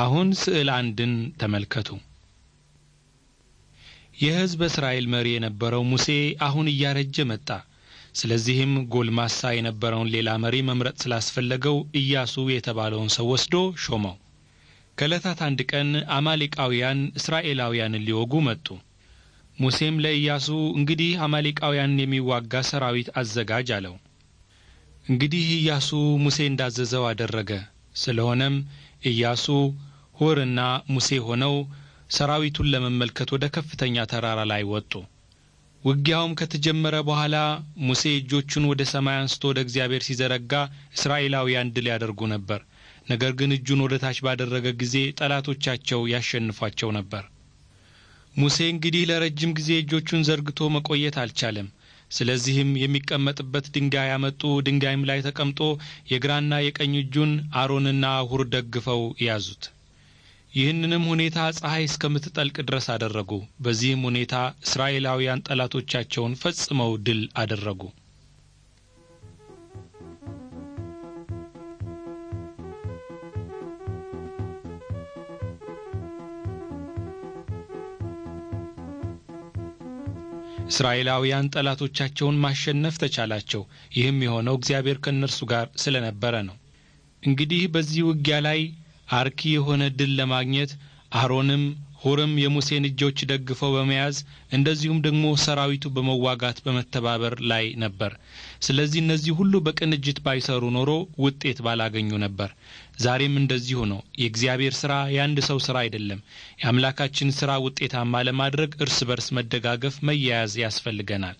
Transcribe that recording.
አሁን ስዕል አንድን ተመልከቱ። የሕዝብ እስራኤል መሪ የነበረው ሙሴ አሁን እያረጀ መጣ። ስለዚህም ጎልማሳ የነበረውን ሌላ መሪ መምረጥ ስላስፈለገው ኢያሱ የተባለውን ሰው ወስዶ ሾመው። ከዕለታት አንድ ቀን አማሌቃውያን እስራኤላውያንን ሊወጉ መጡ። ሙሴም ለኢያሱ እንግዲህ አማሌቃውያንን የሚዋጋ ሰራዊት አዘጋጅ አለው። እንግዲህ ኢያሱ ሙሴ እንዳዘዘው አደረገ። ስለሆነም ኢያሱ ሁርና ሙሴ ሆነው ሰራዊቱን ለመመልከት ወደ ከፍተኛ ተራራ ላይ ወጡ። ውጊያውም ከተጀመረ በኋላ ሙሴ እጆቹን ወደ ሰማይ አንስቶ ወደ እግዚአብሔር ሲዘረጋ እስራኤላውያን ድል ያደርጉ ነበር። ነገር ግን እጁን ወደ ታች ባደረገ ጊዜ ጠላቶቻቸው ያሸንፏቸው ነበር። ሙሴ እንግዲህ ለረጅም ጊዜ እጆቹን ዘርግቶ መቆየት አልቻለም። ስለዚህም የሚቀመጥበት ድንጋይ ያመጡ፣ ድንጋይም ላይ ተቀምጦ የግራና የቀኝ እጁን አሮንና ሁር ደግፈው ያዙት። ይህንንም ሁኔታ ፀሐይ እስከምትጠልቅ ድረስ አደረጉ። በዚህም ሁኔታ እስራኤላውያን ጠላቶቻቸውን ፈጽመው ድል አደረጉ። እስራኤላውያን ጠላቶቻቸውን ማሸነፍ ተቻላቸው። ይህም የሆነው እግዚአብሔር ከእነርሱ ጋር ስለነበረ ነው። እንግዲህ በዚህ ውጊያ ላይ አርኪ የሆነ ድል ለማግኘት አሮንም ሁርም የሙሴን እጆች ደግፈው በመያዝ እንደዚሁም ደግሞ ሰራዊቱ በመዋጋት በመተባበር ላይ ነበር። ስለዚህ እነዚህ ሁሉ በቅንጅት ባይሰሩ ኖሮ ውጤት ባላገኙ ነበር። ዛሬም እንደዚሁ ነው። የእግዚአብሔር ስራ የአንድ ሰው ስራ አይደለም። የአምላካችን ስራ ውጤታማ ለማድረግ እርስ በርስ መደጋገፍ፣ መያያዝ ያስፈልገናል።